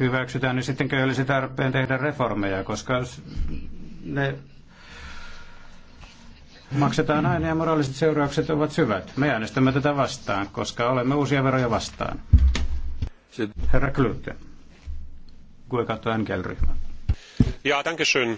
hyväksytään, niin sittenkö ei olisi tarpeen tehdä reformeja, koska ne maksetaan aina ja moraaliset seuraukset ovat syvät. Me äänestämme tätä vastaan, koska olemme uusia veroja vastaan. Herra Klüte, kuinka ryhmä. Ja, danke schön.